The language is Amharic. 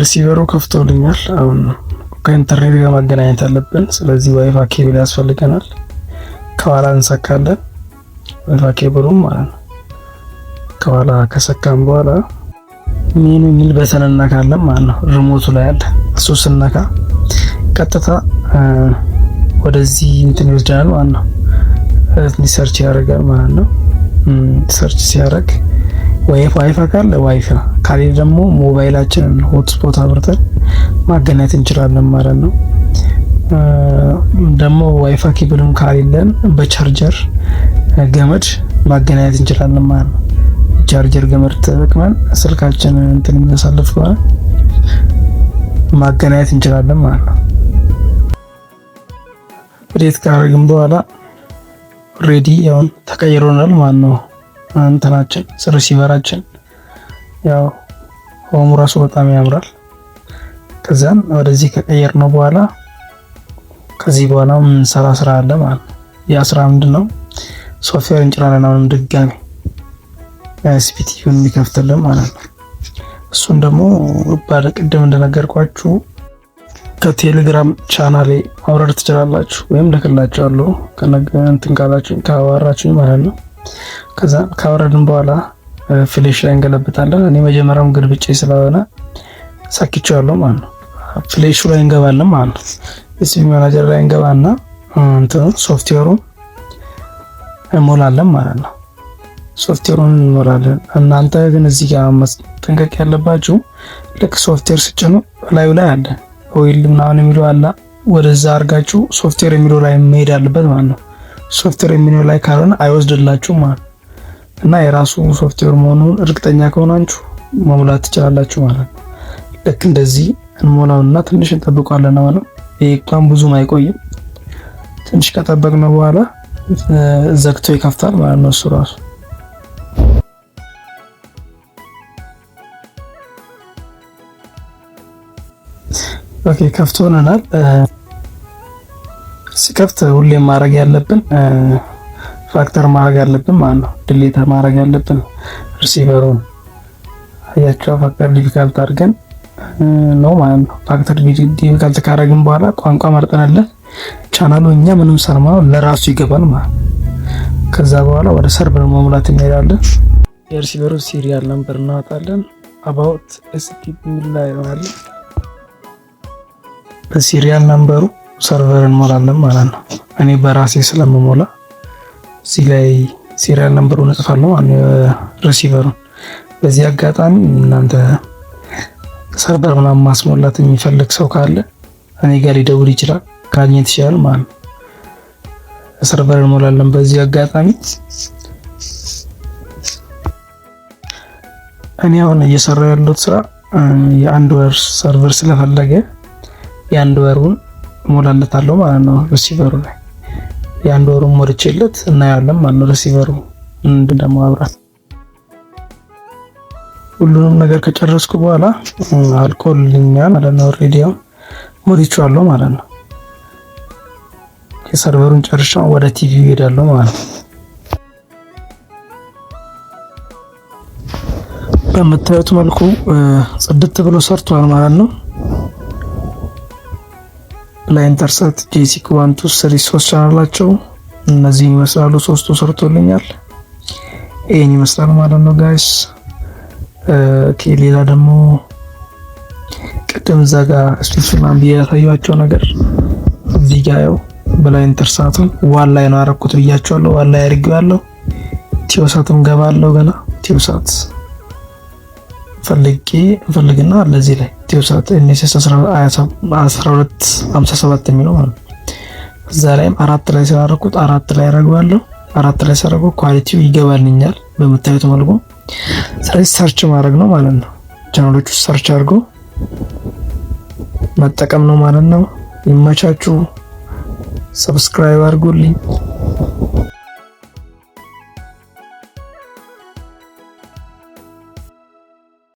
ሪሲቨሩ ከፍቶልኛል። አሁን ከኢንተርኔት ጋር ማገናኘት አለብን። ስለዚህ ዋይፋ ኬብል ያስፈልገናል። ከኋላ እንሰካለን፣ ዋይፋ ኬብሉም ማለት ነው። ከኋላ ከሰካም በኋላ ሜኑ የሚል በተን እናካለን ማለት ነው። ሪሞቱ ላይ አለ። እሱ ስነካ ቀጥታ ወደዚህ እንትን ይወስዳል ማለት ነው። ሰርች ያደርጋል ማለት ነው። ሰርች ሲያደርግ ወይ ዋይፋ ካለ ዋይፋ ካሌ ደግሞ ሞባይላችንን ሆትስፖት አብርተን ማገናኘት እንችላለን ማለት ነው። ደግሞ ዋይፋ ኬብልም ካሌለን በቻርጀር ገመድ ማገናኘት እንችላለን ማለት ነው። ቻርጀር ገመድ ተጠቅመን ስልካችንን እንትን የሚያሳልፍ ከሆነ ማገናኘት እንችላለን ማለት ነው። ሬት ካረግን በኋላ ሬዲ ያውን ተቀይሮናል ማለት ነው። እንትናችን ሪሲቨራችን ያው ሆሙ ራሱ በጣም ያምራል። ከዛም ወደዚህ ከቀየር ነው በኋላ ከዚህ በኋላ ምንሰራ ስራ አለ ማለት ነው። ያ ስራ ምንድን ነው? ሶፍትዌር እንጭላለን አሁንም ድጋሚ ስፒቲዩን የሚከፍትልን ማለት ነው። እሱን ደግሞ ባለ ቅድም እንደነገርኳችሁ ከቴሌግራም ቻናሌ ማውረድ ትችላላችሁ ወይም ልክላችኋለሁ ከነገ እንትን ካላችሁ ካዋራችሁ ማለት ነው። ከዛ ካወረድን በኋላ ፍሌሽ ላይ እንገለብጣለን። እኔ መጀመሪያም ግልብጬ ስለሆነ ሰክቼዋለሁ ማለት ነው። ፍሌሹ ላይ እንገባለን ማለት ነው። ኤስፒ ማናጀር ላይ እንገባና እንትኑ ሶፍትዌሩን እንሞላለን ማለት ነው። ሶፍትዌሩን እንሞላለን። እናንተ ግን እዚህ ጋር መጠንቀቅ ያለባችሁ ልክ ሶፍትዌር ስጭኑ ላዩ ላይ አለ ኦይል ምናምን የሚለው አላ ወደዛ አድርጋችሁ ሶፍትዌር የሚለው ላይ መሄድ አለበት ማለት ነው። ሶፍትዌር የሚኖር ላይ ካልሆነ አይወስድላችሁም ማለት እና የራሱ ሶፍትዌር መሆኑን እርግጠኛ ከሆናችሁ መሙላት ትችላላችሁ ማለት ነው። ልክ እንደዚህ እንሞላውና ትንሽ እንጠብቋለን ማለት ይህ እንኳን ብዙም አይቆይም። ትንሽ ከጠበቅነው በኋላ ዘግቶ ይከፍታል ማለት ነው እሱ ራሱ ኦኬ ሲከፍት ሁሌም ማድረግ ያለብን ፋክተር ማድረግ ያለብን ማለት ነው። ድሌታ ማድረግ ያለብን ሪሲቨሩን አያቸው ፋክተር ዲፊካልት አድርገን ነው ማለት ነው። ፋክተር ዲፊካልት ካደረግን በኋላ ቋንቋ መርጠንለት ቻናሉ እኛ ምንም ሰርማው ለራሱ ይገባል ማለት ነው። ከዛ በኋላ ወደ ሰርቨር መሙላት እንሄዳለን። የሪሲቨሩ ሲሪያል ነምበር እናወጣለን። አባውት ኤስቲፒ ላይ ይሆናል በሲሪያል ነምበሩ ሰርቨር እንሞላለን ማለት ነው። እኔ በራሴ ስለምሞላ እዚህ ላይ ሲሪያል ነምበሩን እጽፋለሁ ሪሲቨሩን። በዚህ አጋጣሚ እናንተ ሰርቨር ምናምን ማስሞላት የሚፈልግ ሰው ካለ እኔ ጋር ሊደውል ይችላል፣ ማግኘት ይችላል ማለት ነው። ሰርቨር እንሞላለን። በዚህ አጋጣሚ እኔ አሁን እየሰራው ያለሁት ስራ የአንድ ወር ሰርቨር ስለፈለገ የአንድ ወሩን እሞላለታለሁ ማለት ነው። ሪሲቨሩ ላይ የአንድ ወሩን ሞልቼለት እናያለን ማለት ነው። ሪሲቨሩ እንደሞ አብራት ሁሉንም ነገር ከጨረስኩ በኋላ አልኮል ልኛል ማለት ነው። ሬዲዮ ሞልቼዋለሁ ማለት ነው። የሰርቨሩን ጨርሻ ወደ ቲቪ ይሄዳለሁ ማለት ነው። በምታዩት መልኩ ጽድት ብሎ ሰርቷል ማለት ነው። ላይንተርሰት ጄሲ ክዋንቱስ ሪሶርስ ቻናላቸው እነዚህን ይመስላሉ። ሶስቱ ሰርቶልኛል። ይህን ይመስላል ማለት ነው ጋይስ። ሌላ ደግሞ ቅድም እዛ ጋር ስፒችና ብዬ ያሳያቸው ነገር እዚህ ጋ ያው በላይንተርሳትም ዋን ላይ ነው አረኩት ብያቸዋለሁ። ዋን ላይ አድርጌዋለሁ። ቲዮሳትም ገባለሁ ገና ቲዮሳት ፈልጌ ፈልግና ለዚህ ላይ ኢትዮሳት ኤንኤስኤስ 1257 የሚለው ማለት ነው። እዛ ላይም አራት ላይ ስላደረኩት አራት ላይ አደርገዋለሁ። አራት ላይ ሳደርገው ኳሊቲው ይገባልኛል በምታዩት መልኩ። ስለዚህ ሰርች ማድረግ ነው ማለት ነው። ቻናሎች ውስጥ ሰርች አድርጎ መጠቀም ነው ማለት ነው። ይመቻችሁ። ሰብስክራይብ አድርጉልኝ።